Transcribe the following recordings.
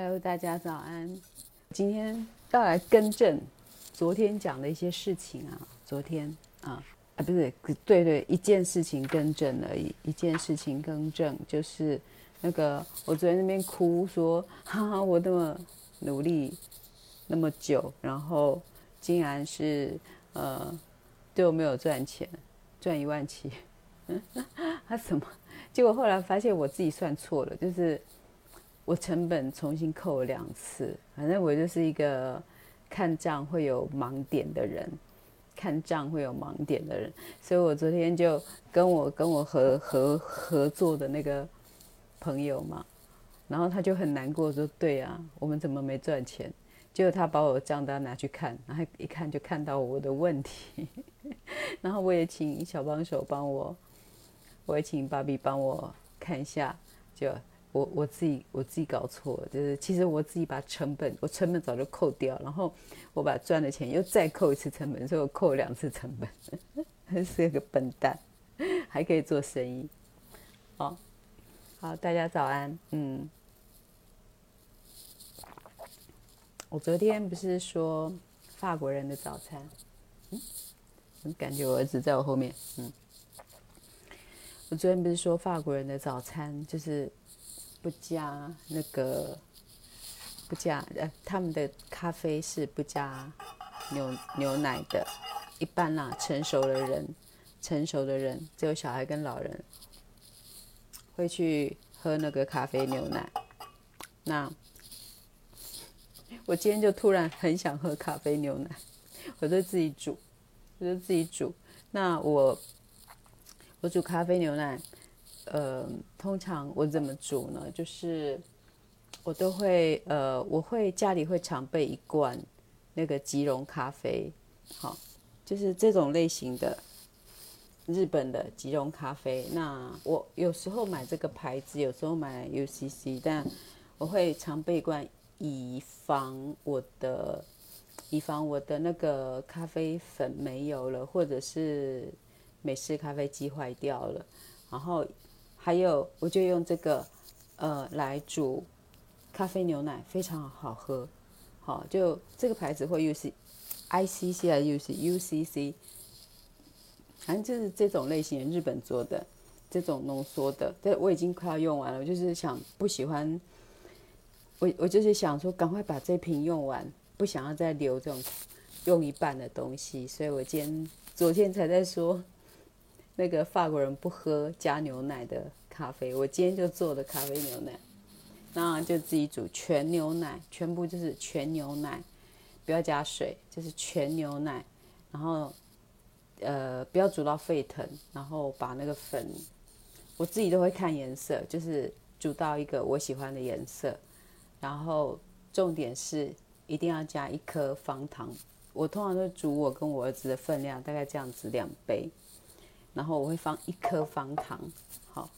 Hello，大家早安。今天要來更正昨天講的一些事情啊，昨天啊啊不是對對，一件事情更正而已，一件事情更正就是那個我昨天那邊哭說，哈哈，我那麼努力那麼久，然後竟然是呃對我沒有賺錢，賺一萬七， 他、啊、什麼？結果後來發現我自己算錯了，就是。我成本重新扣了兩次，反正我就是一個看賬會有盲點的人，看賬會有盲點的人，所以我昨天就跟我跟我合合合作的那個朋友嘛，然後他就很難過說：“對啊，我們怎麼沒賺錢？”結果他把我賬單拿去看，然後一看就看到我的問題， 然後我也請小幫手幫我，我也請芭比幫我看一下，就。我我自己我自己搞錯了，就是其實我自己把成本，我成本早就扣掉，然後我把賺的錢又再扣一次成本，所以我扣了兩次成本，呵呵，是個笨蛋，還可以做生意。好、哦，好，大家早安，嗯。我昨天不是說法國人的早餐，嗯？感覺我兒子在我後面，嗯。我昨天不是說法國人的早餐就是。不加那個，不加呃、哎，他們的咖啡是不加牛牛奶的，一般啦、啊，成熟的人，成熟的人只有小孩跟老人會去喝那個咖啡牛奶。那我今天就突然很想喝咖啡牛奶，我就自己煮，我就自己煮。那我我煮咖啡牛奶。呃，通常我怎麼煮呢？就是我都會呃，我會家裡會常備一罐那個即溶咖啡，好，就是這種類型的日本的即溶咖啡。那我有時候買這個牌子，有時候買 UCC，但我會常備一罐，以防我的以防我的那個咖啡粉沒有了，或者是美式咖啡機壞掉了，然後。還有，我就用這個，呃，來煮咖啡牛奶，非常好喝。好，就這個牌子會又是 ICC 還是 UCC，反正就是這種類型的日本做的，這種濃縮的。對，我已經快要用完了。我就是想，不喜歡，我我就是想說，趕快把這瓶用完，不想要再留這種用一半的東西。所以我今天昨天才在說。那個法國人不喝加牛奶的咖啡，我今天就做的咖啡牛奶，那就自己煮全牛奶，全部就是全牛奶，不要加水，就是全牛奶，然後呃不要煮到沸騰，然後把那個粉，我自己都會看顏色，就是煮到一個我喜歡的顏色，然後重點是一定要加一顆方糖，我通常都煮我跟我兒子的分量，大概這樣子兩杯。然後我會放一顆方糖，好，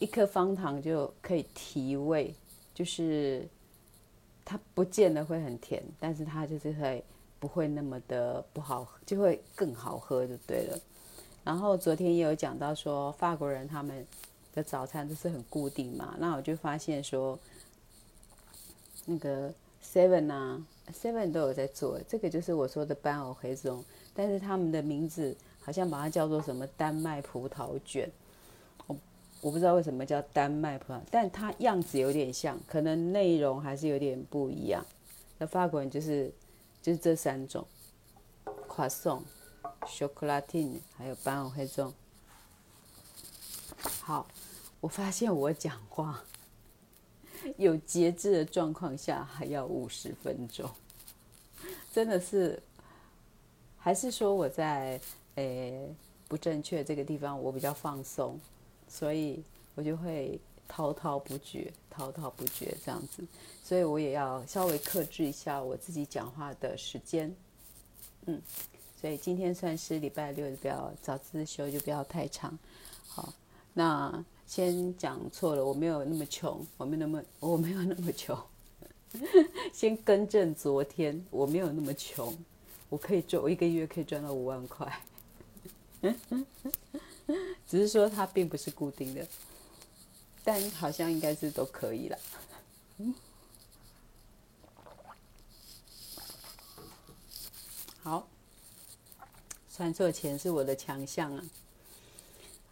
一顆方糖就可以提味，就是它不見得會很甜，但是它就是會不會那麼的不好喝，就會更好喝就對了。然後昨天也有講到說，法國人他們的早餐都是很固定嘛，那我就發現說，那個 seven 啊，seven 都有在做這個，就是我說的斑藕黑松，但是他們的名字。好像把它叫做什麼丹麥葡萄卷？我，我我不知道為什麼叫丹麥葡萄，但它樣子有點像，可能內容還是有點不一樣。那法國人就是就是這三種 croissant、chocolatine 還有 pain au chocolat 好，我發現我講話有節制的狀況下還要五十分鐘，真的是，還是說我在？誒、欸，不正確這個地方我比較放鬆，所以我就會滔滔不絕，滔滔不絕這樣子，所以我也要稍微克制一下我自己講話的時間。嗯，所以今天算是禮拜六，就不要早自修就不要太長。好，那先講錯了，我沒有那麼窮，我沒有那麼我沒有那麼窮。 先更正，昨天我沒有那麼窮，我可以賺，我一個月可以賺到五萬塊。只是說它並不是固定的，但好像應該是都可以了，嗯。好，算錯錢是我的強項啊。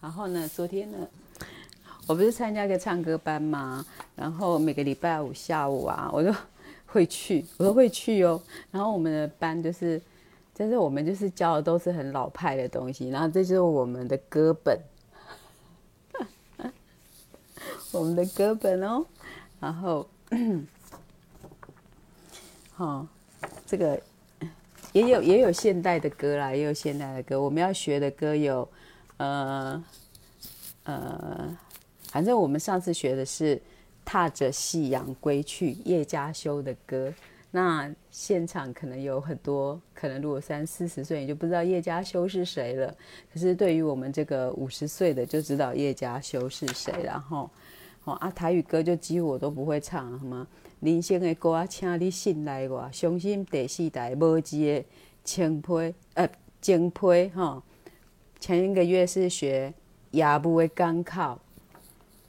然後呢，昨天呢，我不是參加一個唱歌班嗎？然後每個禮拜五下午啊，我都會去，我都會去喲。然後我們的班就是。但是我們就是教的都是很老派的東西，然後這就是我們的歌本， 我們的歌本哦，然後，好，這個也有也有現代的歌啦，也有現代的歌。我們要學的歌有，呃呃，反正我們上次學的是《踏着夕陽歸去》，葉佳修的歌，那。現場可能有很多，可能如果三四十歲，你就不知道葉佳修是誰了。可是對於我們這個五十歲的，就知道葉佳修是誰了哈。哦，啊，台語歌就幾乎我都不會唱，好嗎？林星的歌啊，請你信賴我，相信第四代無止的青配呃，青配哈。前一個月是學夜霧的港口，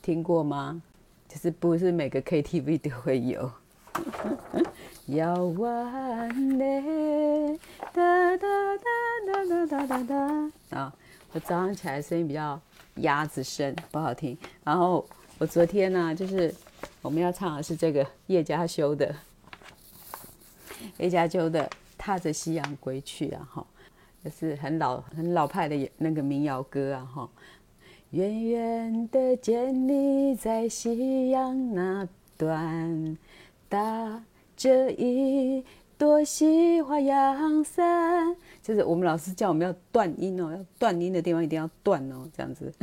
聽過嗎？就是不是每個 KTV 都會有。 要完嘞，噠噠噠噠噠噠噠噠啊！我早上起來聲音比較鴨子聲，不好聽。然後我昨天呢，就是我們要唱的是這個葉佳修的葉佳修的《踏着夕陽歸去》啊，哈，這是很老很老派的那個民謠歌啊，哈。遠遠的見你在夕陽那端，噠。這一朵西花陽傘，就是我們老師叫我們要斷音哦、喔，要斷音的地方一定要斷哦，這樣子。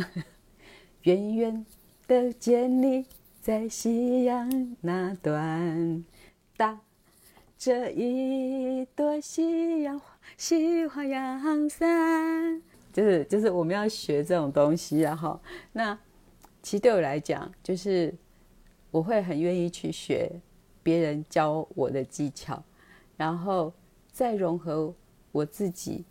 遠遠的見你在夕陽那端，搭這一朵夕陽西花陽傘，就是就是我們要學這種東西啊哈。那其實對我來講，就是我會很願意去學。別人教我的技巧，然後再融合我自己，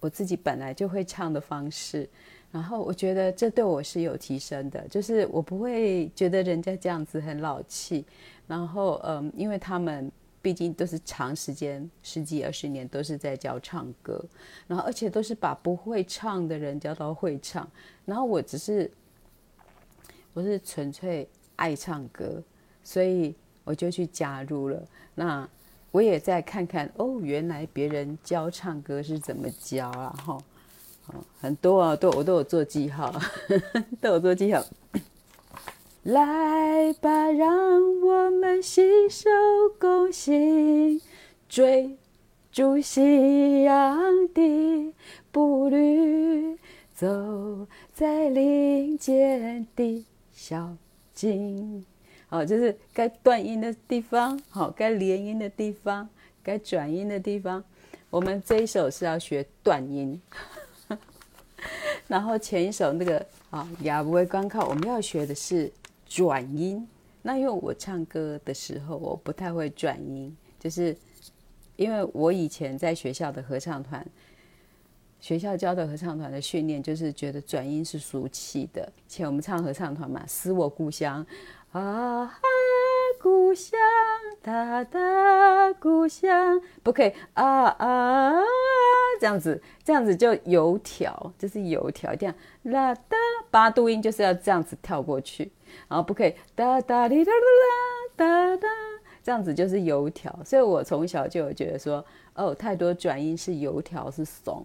我自己本來就會唱的方式，然後我覺得這對我是有提升的，就是我不會覺得人家這樣子很老氣。然後，嗯，因為他們畢竟都是長時間十幾二十年都是在教唱歌，然後而且都是把不會唱的人教到會唱，然後我只是我是純粹愛唱歌，所以。我就去加入了，那我也再看看哦，原來別人教唱歌是怎麼教啊？哈，哦，很多啊，我都我都有做記號，呵呵都有做記號。來吧，讓我們攜手共行，追逐夕陽的步履，走在林間的小徑。好、哦，就是該斷音的地方，好、哦，該連音的地方，該轉音的地方。我們這一首是要學斷音， 然後前一首那個啊，也不會光靠。我們要學的是轉音。那因為我唱歌的時候，我不太會轉音，就是因為我以前在學校的合唱團，學校教的合唱團的訓練，就是覺得轉音是俗氣的。且前我們唱合唱團嘛，《思我故鄉》。啊故鄉噠噠故鄉，不可以啊啊，啊，啊，這樣子，這樣子就油條，這，就是油條這樣。啦噠，八度音就是要這樣子跳過去，然後不可以噠噠滴噠噠噠噠，這樣子就是油條。所以我從小就有覺得說，哦，太多轉音是油條是慫。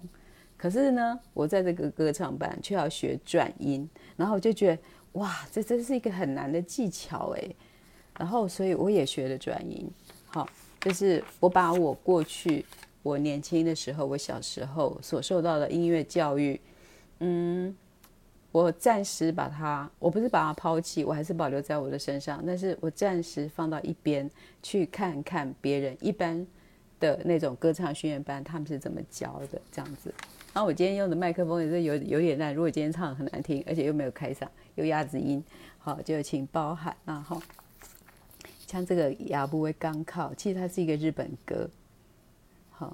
可是呢，我在這個歌唱班卻要學轉音，然後我就覺得。哇，這真是一個很難的技巧哎。然後，所以我也學了轉音，好，就是我把我過去我年輕的時候，我小時候所受到的音樂教育，嗯，我暫時把它，我不是把它拋棄，我還是保留在我的身上，但是我暫時放到一邊，去看看別人一般的那種歌唱訓練班他們是怎麼教的這樣子。然後我今天用的麥克風也是有有點爛，如果今天唱的很難聽，而且又沒有開嗓。有鴨子音，好，就請包涵啦吼。像這個“亞布威剛靠”，其實它是一個日本歌，好。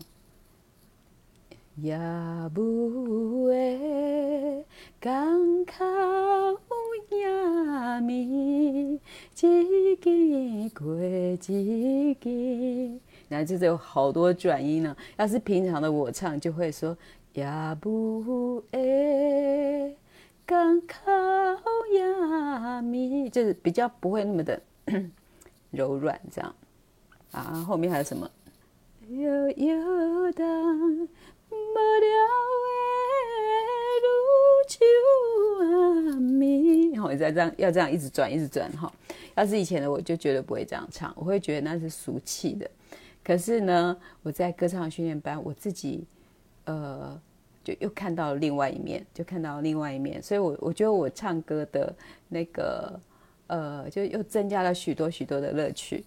亞布威鋼考亞米，只給過只給，然後就是有好多轉音呢、啊。要是平常的我唱，就會說亞布威。甘卡歐雅咪，就是比較不會那麼的 柔軟這樣啊。後面還有什麼？悠悠蕩，莫了維魯秋阿、啊、咪。然後也在這樣，要這樣一直轉，一直轉哈、哦。要是以前的我就絕對不會這樣唱，我會覺得那是俗氣的。可是呢，我在歌唱訓練班，我自己呃。就又看到了另外一面，就看到了另外一面，所以我，我我覺得我唱歌的那個，呃，就又增加了許多許多的樂趣，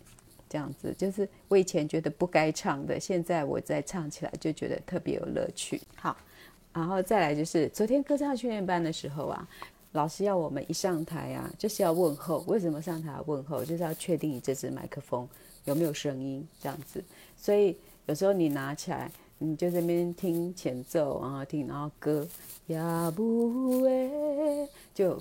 這樣子，就是我以前覺得不該唱的，現在我再唱起來就覺得特別有樂趣。好，然後再來就是昨天歌唱訓練班的時候啊，老師要我們一上台啊，就是要問候。為什麼上台要問候？就是要確定你這支麥克風有沒有聲音，這樣子。所以有時候你拿起來。你就這邊聽前奏，然後聽，然後歌，呀，不哎，就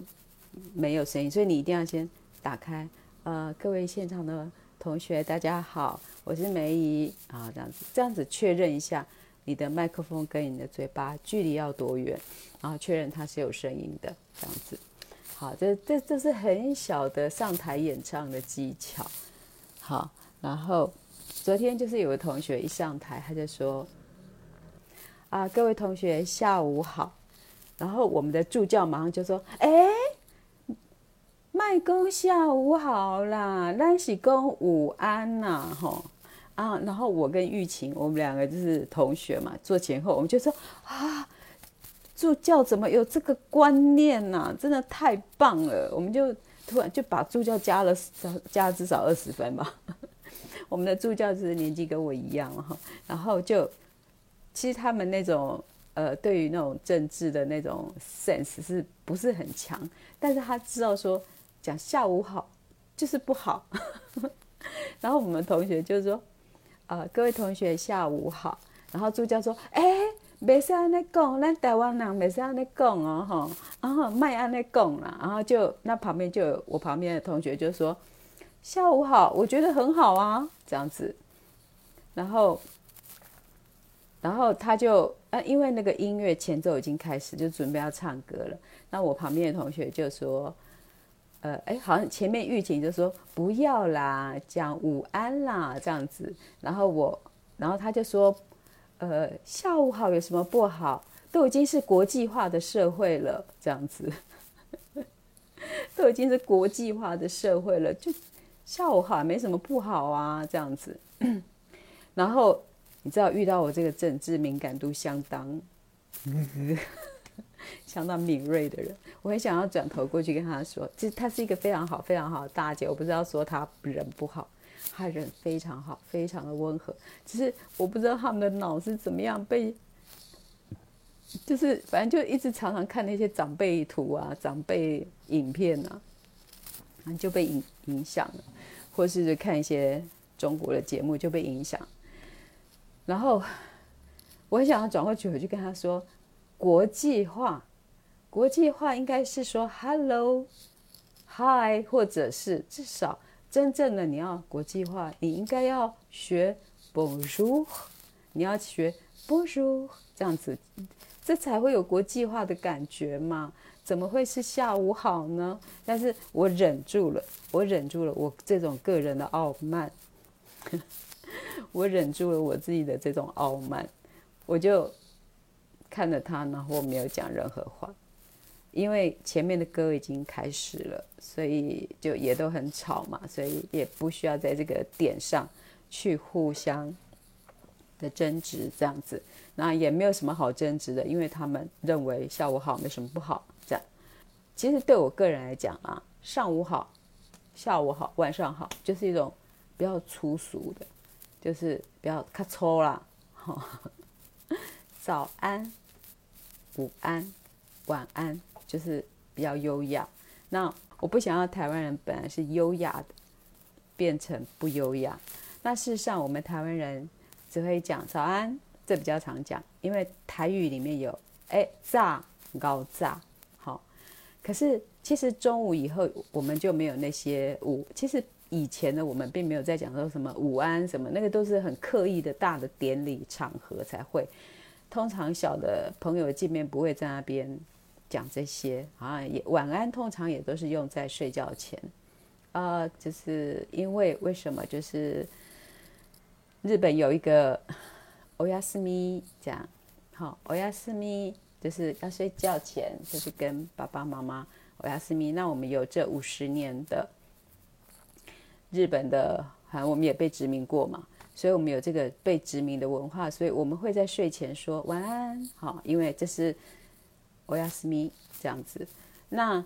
沒有聲音，所以你一定要先打開。呃，各位現場的同學，大家好，我是玫怡啊，這樣子，這樣子確認一下你的麥克風跟你的嘴巴距離要多遠，然後確認它是有聲音的，這樣子。好，這這這是很小的上台演唱的技巧。好，然後昨天就是有個同學一上台，他就說。啊，各位同學下午好。然後我們的助教馬上就說：“哎、欸，麥公下午好啦，蘭喜公午安吶、啊，吼啊。”然後我跟玉琴我們兩個就是同學嘛，坐前後，我們就說：“啊，助教怎麼有這個觀念吶、啊？真的太棒了！”我們就突然就把助教加了，加了至少二十分吧。 我們的助教就是年紀跟我一樣哈，然後就。其實他們那種，呃，對於那種政治的那種 sense 是不是很強？但是他知道說，講下午好就是不好。 然後我們同學就說，啊、呃，各位同學下午好。然後助教說，哎，袂使安呢講，咱台灣人袂使安呢講啊，哈，然後莫安呢講啦。然後就那旁邊就有我旁邊的同學就說，下午好，我覺得很好啊，這樣子，然後。然後他就呃，因為那個音樂前奏已經開始，就準備要唱歌了。那我旁邊的同學就說：“呃，哎，好像前面預警就說不要啦，講午安啦這樣子。”然後我，然後他就說：“呃，下午好有什麼不好？都已經是國際化的社會了，這樣子， 都已經是國際化的社會了，就下午好沒什麼不好啊，這樣子。” 然後。你知道遇到我這個政治敏感度相當，嗯、 相當敏銳的人，我很想要轉頭過去跟他說，其實她是一個非常好、非常好的大姐。我不知道說她人不好，她人非常好，非常的溫和。只是我不知道他們的腦子怎麼樣被，就是反正就一直常常看那些長輩圖啊、長輩影片啊，就被影影響了，或是看一些中國的節目就被影響。然後我很想要轉過去，我就跟他說：“國際化，國際化應該是說 hello，hi，或者是至少真正的你要國際化，你應該要學 Bonjour，你要學 Bonjour，這樣子，這才會有國際化的感覺嘛，怎麼會是下午好呢？但是我忍住了，我忍住了，我這種個人的傲慢。”我忍住了，我自己的這種傲慢，我就看着他，然後沒有講任何話，因為前面的歌已經開始了，所以就也都很吵嘛，所以也不需要在這個點上去互相的爭執這樣子。那也沒有什麼好爭執的，因為他們認為下午好沒什麼不好。這樣，其實對我個人來講啊，上午好、下午好、晚上好，就是一種比較粗俗的。就是比較咔抽啦，好，早安、午安、晚安，就是比較優雅。那我不想要台灣人本來是優雅的，變成不優雅。那事實上，我們台灣人只會講早安，這比較常講，因為台語裡面有誒炸、高、欸、炸，好。可是其實中午以後，我們就沒有那些午，其實。以前的我們並沒有在講說什麼午安什麼，那個都是很刻意的大的典禮場合才會。通常小的朋友的見面不會在那邊講這些啊。也晚安通常也都是用在睡覺前啊、呃，就是因為為什麼，就是日本有一個歐亞斯咪這樣，好，歐亞斯咪，就是要睡覺前就是跟爸爸媽媽歐亞斯咪。那我們有這五十年的。日本的，好像我們也被殖民過嘛，所以我們有這個被殖民的文化，所以我們會在睡前說晚安，好、哦，因為這是おやすみ這樣子。那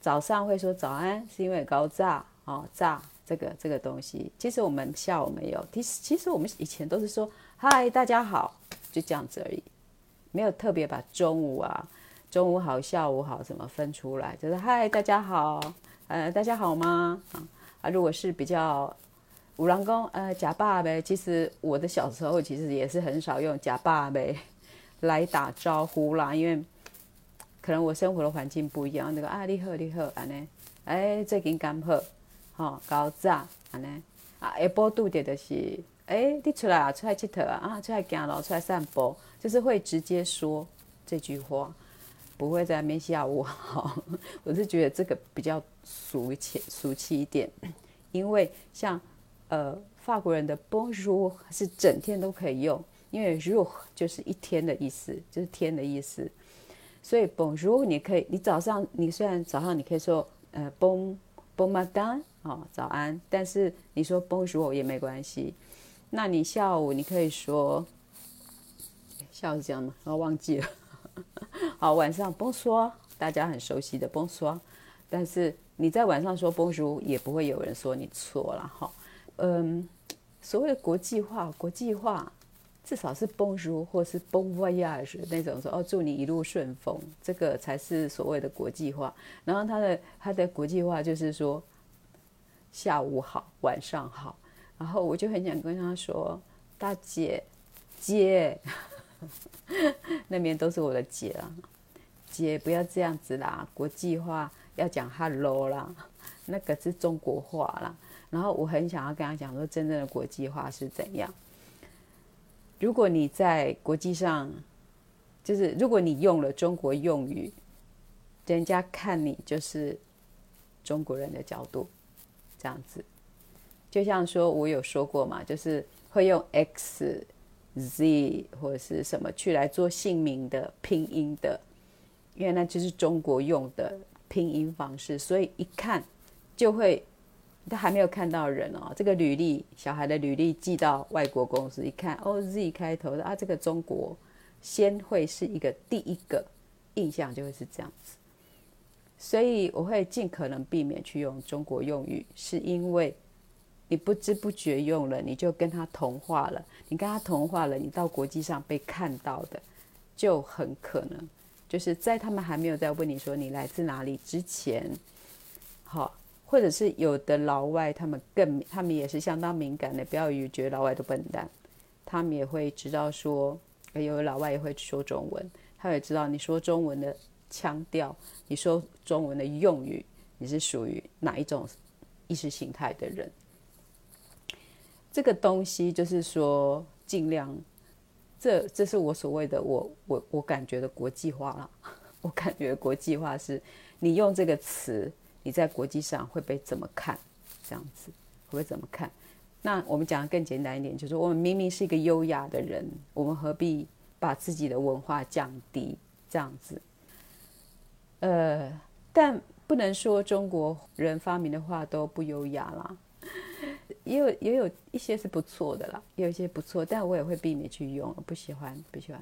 早上會說早安，是因為高炸，哦炸這個這個東西。其實我們下午沒有，其實其實我們以前都是說嗨大家好，就這樣子而已，沒有特別把中午啊、中午好、下午好怎麼分出來，就是嗨大家好，呃大家好嗎？嗯啊，如果是比較有人講呃，呷飽未。其實我的小時候其實也是很少用呷飽未來打招呼啦，因為可能我生活的環境不一樣。那個啊，你好，你好，按呢，誒、欸，最近甘好，吼、哦，高讚，按呢，啊，一波度的就是，哎、欸，你出來啊，出來鐵佗啊，啊，出來行路，出來散步，就是會直接說這句話。不會在那邊下午好、哦，我是覺得這個比較俗氣俗氣一點，因為像呃法國人的 bonjour 是整天都可以用，因為 jour 就是一天的意思，就是天的意思，所以 bonjour 你可以，你早上你雖然早上你可以說呃 bon bon matin 啊、哦、早安，但是你說 bonjour 也沒關係，那你下午你可以說、哎、下午是這樣嗎，然、哦、後忘記了。 好，晚上 bonsoir，bonsoir，大家很熟悉的 bonsoir，但是你在晚上說 bonsoir，也不會有人說你錯了哈。嗯，所謂的國際化，國際化至少是 bonsoir 或是 bon voyage 那種說哦，祝你一路順風，這個才是所謂的國際化。然後他的他的國際化就是說下午好，晚上好。然後我就很想跟他說，大姐姐。 那邊都是我的姐啦，姐不要這樣子啦！國際化要講 Hello 啦，那個是中國化啦。然後我很想要跟他講說，真正的國際化是怎樣？如果你在國際上，就是如果你用了中國用語，人家看你就是中國人的角度，這樣子。就像說我有說過嘛，就是會用 X。Z 或者是什麼去來做姓名的拼音的，因為那就是中國用的拼音方式，所以一看就會。他還沒有看到人哦，這個履歷，小孩的履歷寄到外國公司，一看哦，Z 開頭的啊，這個中國先會是一個第一個印象就會是這樣子，所以我會盡可能避免去用中國用語，是因為。你不知不覺用了，你就跟他同化了。你跟他同化了，你到國際上被看到的，就很可能就是在他們還沒有在問你說你來自哪裡之前，好，或者是有的老外他們更他們也是相當敏感的，不要以為覺得老外都笨蛋，他們也會知道說有老外也會說中文，他也知道你說中文的腔調，你說中文的用語，你是屬於哪一種意識形態的人。這個東西就是說，盡量，這這是我所謂的我我我感覺的國際化啦。 我感覺的國際化是，你用這個詞，你在國際上會被怎麼看？這樣子，會被怎麼看？那我們講的更簡單一點，就是我們明明是一個優雅的人，我們何必把自己的文化降低？這樣子，呃，但不能說中國人發明的話都不優雅啦。也有也有一些是不錯的啦，也有一些不錯，但我也會避免去用，不喜歡，不喜歡。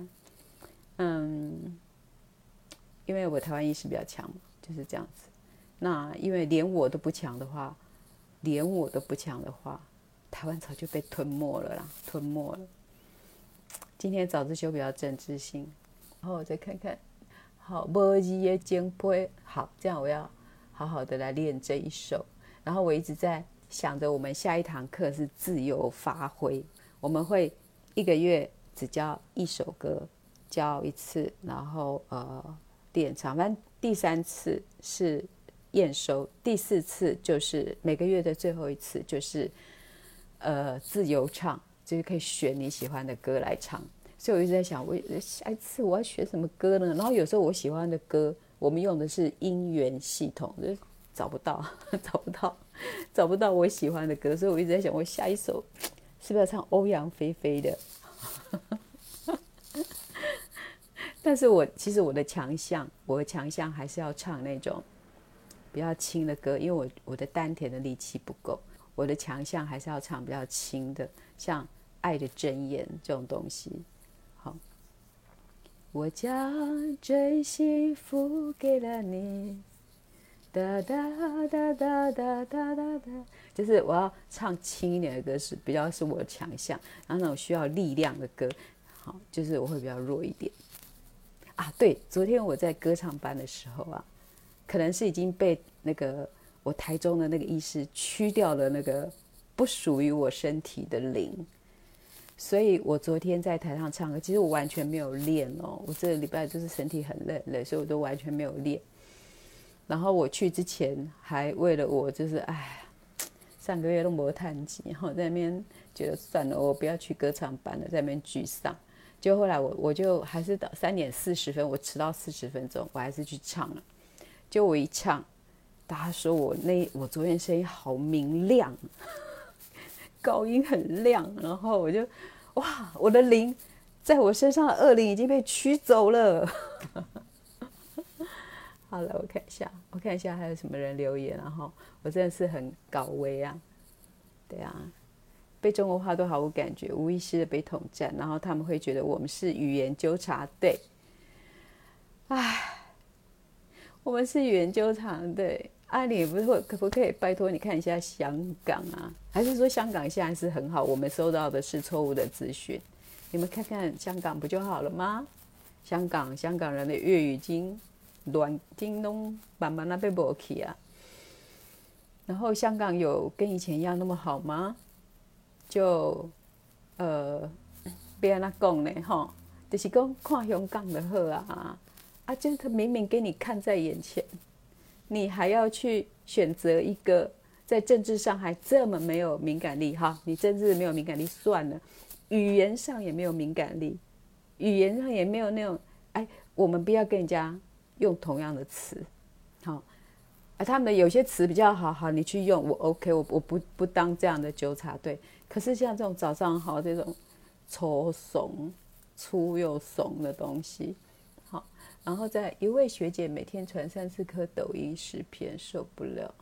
嗯，因為我台灣意識比較強，就是這樣子。那因為連我都不強的話，連我都不強的話，台灣早就被吞沒了啦，吞沒了。今天早自修比較政治性，然後我再看看，好，無字的情批，好，這樣我要好好的來練這一首，然後我一直在。想着我們下一堂課是自由發揮，我們會一個月只教一首歌，教一次，然後呃點唱。反正第三次是驗收，第四次就是每個月的最後一次，就是呃自由唱，就是可以選你喜歡的歌來唱。所以我一直在想，我下一次我要學什麼歌呢？然後有時候我喜歡的歌，我們用的是音源系統，就是、找不到，找不到。找不到我喜歡的歌，所以我一直在想，我下一首是不是要唱歐陽菲菲的？ 但是我其實我的強項，我的強項還是要唱那種比較輕的歌，因為我我的丹田的力氣不夠，我的強項還是要唱比較輕的，像《愛的箴言》這種東西。好，我將真心付給了你。噠噠噠噠噠噠，噠噠噠，就是我要唱輕一點的歌是比較是我的強項，然後那種需要力量的歌，好，就是我會比較弱一點。啊，對，昨天我在歌唱班的時候啊，可能是已經被那個我台中的那個醫師驅掉了那個不屬於我身體的靈，所以我昨天在台上唱歌，其實我完全沒有練哦，我這個禮拜就是身體很累，累，所以我都完全沒有練。然後我去之前還為了我就是哎，上個月都沒彈琴，然後在那邊覺得算了，我不要去歌唱班了，在那邊沮喪。就後來我我就還是到三點四十分，我遲到四十分鐘，我還是去唱了。就我一唱，大家說我那我昨天聲音好明亮，高音很亮，然後我就哇，我的靈在我身上的惡靈已經被驅走了。好了，我看一下，我看一下還有什麼人留言、啊，然後我真的是很高危啊，對啊，被中國化都毫無感覺，無意識的被統戰，然後他們會覺得我們是語言糾察隊，唉，我們是語言糾察隊。阿、啊、你不可不可以拜託你看一下香港啊？還是說香港現在是很好？我們收到的是錯誤的資訊，你們看看香港不就好了嗎？香港，香港人的粵語經。亂，京東，慢慢那邊無起啊。然後香港有跟以前一樣那麼好嗎？就呃，要安那講呢？吼，就是講看香港的好啊。啊，就是他明明給你看在眼前，你還要去選擇一個在政治上還這麼沒有敏感力哈、啊？你政治沒有敏感力算了。語言上也沒有敏感力，語言上也沒有那種哎，我們不要跟人家。用同樣的詞，好，而、啊、他們的有些詞比較好好，你去用我 OK，我我不不當這樣的糾察隊。可是像這種早上好這種醜慫粗又慫的東西，好。然後在一位學姐每天傳三四顆抖音視頻，受不了。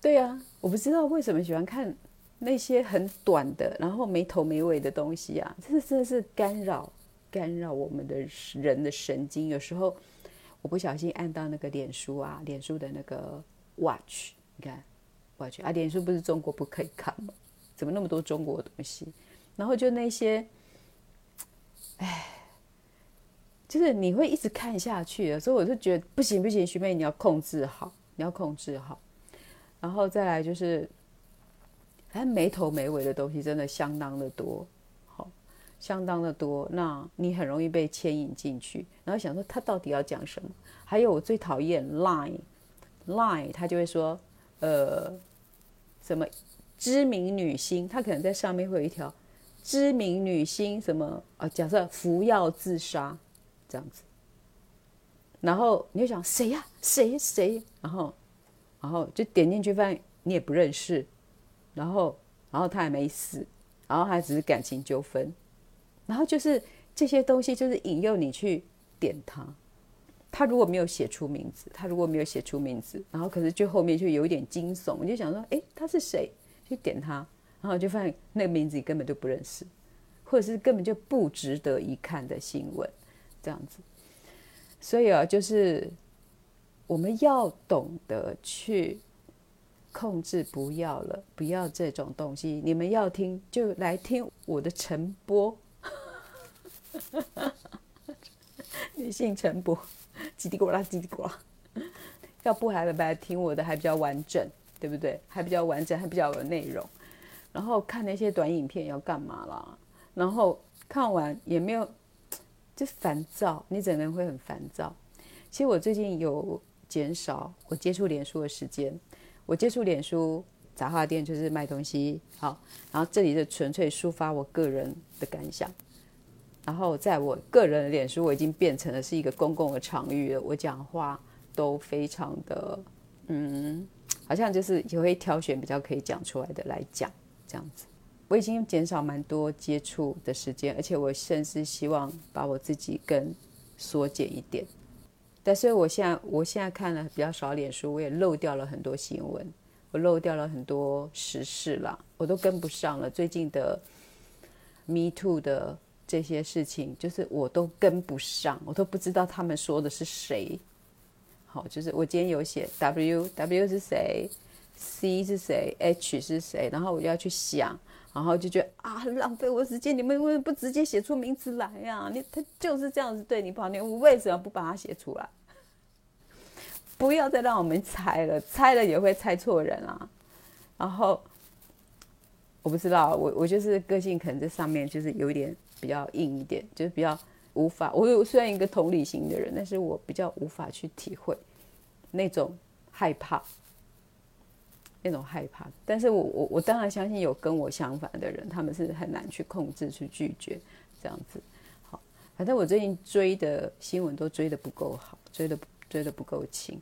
對啊，我不知道為什麼喜歡看那些很短的，然後沒頭沒尾的東西啊，這是真的是干擾。干擾我們的人的神經，有時候我不小心按到那個臉書啊，臉書的那個 watch，你看 watch 啊，臉書不是中國不可以看嗎？怎麼那麼多中國的東西？然後就那些，哎，就是你會一直看下去，所以我就覺得不行不行，徐妹你要控制好，你要控制好，然後再來就是，反正沒頭沒尾的東西真的相當的多。相當的多，那你很容易被牽引進去，然後想說他到底要講什麼？還有我最討厭 Line，Line，他就會說，呃，什麼知名女星，他可能在上面會有一條知名女星什麼啊，假設服藥自殺這樣子，然後你就想誰呀，誰誰、啊，然後然後就點進去，發現你也不認識，然後然後他還沒死，然後他還只是感情糾紛。然後就是這些東西，就是引誘你去點它。他如果沒有寫出名字，他如果沒有寫出名字，然後可是就後面就有點驚悚，我就想說，哎，他是誰？去點它，然後就發現那個名字你根本就不認識，或者是根本就不值得一看的新聞，這樣子。所以啊，就是我們要懂得去控制，不要了，不要這種東西。你們要聽，就來聽我的晨播。哈哈哈哈你姓不？嘰裡呱啦，嘰裡呱啦。要不還來來聽我的，還比較完整，對不對？還比較完整，還比較有內容。然後看那些短影片要幹嘛啦？然後看完也沒有，就是煩躁，躁。你整個人會很煩躁。其實我最近有減少我接觸臉書的時間。我接觸臉書，雜貨店就是賣東西，好。然後這裡就純粹抒發我個人的感想。然後，在我個人的臉書，我已經變成了是一個公共的場域了。我講話都非常的，嗯，好像就是也會挑選比較可以講出來的來講，這樣子。我已經減少蠻多接觸的時間，而且我甚至希望把我自己更縮減一點。但所以，我現在我現在看了比較少臉書，我也漏掉了很多新聞，我漏掉了很多時事啦，我都跟不上了最近的 Me Too 的。這些事情就是我都跟不上，我都不知道他們說的是誰。好，就是我今天有寫 W，W 是誰？C 是誰？H 是誰？然後我就要去想，然後就覺得啊，浪費我時間，你們為什麼不直接寫出名字來呀？你他就是這樣子對你不好，你我為什麼不把他寫出來？不要再讓我們猜了，猜了也會猜錯人啊。然後我不知道，我我就是個性可能在上面就是有一點。比較硬一點，就是比較無法。我雖然一個同理心的人，但是我比較無法去體會那種害怕，那種害怕。但是我我我當然相信有跟我相反的人，他們是很難去控制、去拒絕這樣子。好，反正我最近追的新聞都追得不夠好，追得追得不夠勤。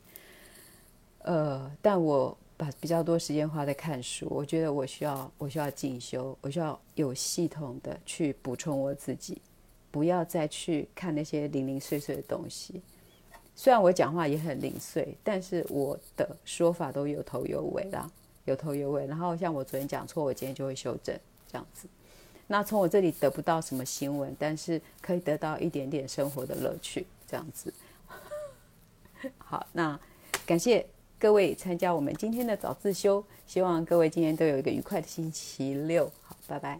呃，但我。把比較多時間花在看書，我覺得我需要，我需要進修，我需要有系統的去補充我自己，不要再去看那些零零碎碎的東西。雖然我講話也很零碎，但是我的說法都有頭有尾啦，有頭有尾。然後像我昨天講錯，我今天就會修正，這樣子。那從我這裡得不到什麼新聞，但是可以得到一點點生活的樂趣，這樣子。好，那感謝。各位參加我們今天的早自修，希望各位今天都有一個愉快的星期六。好，拜拜。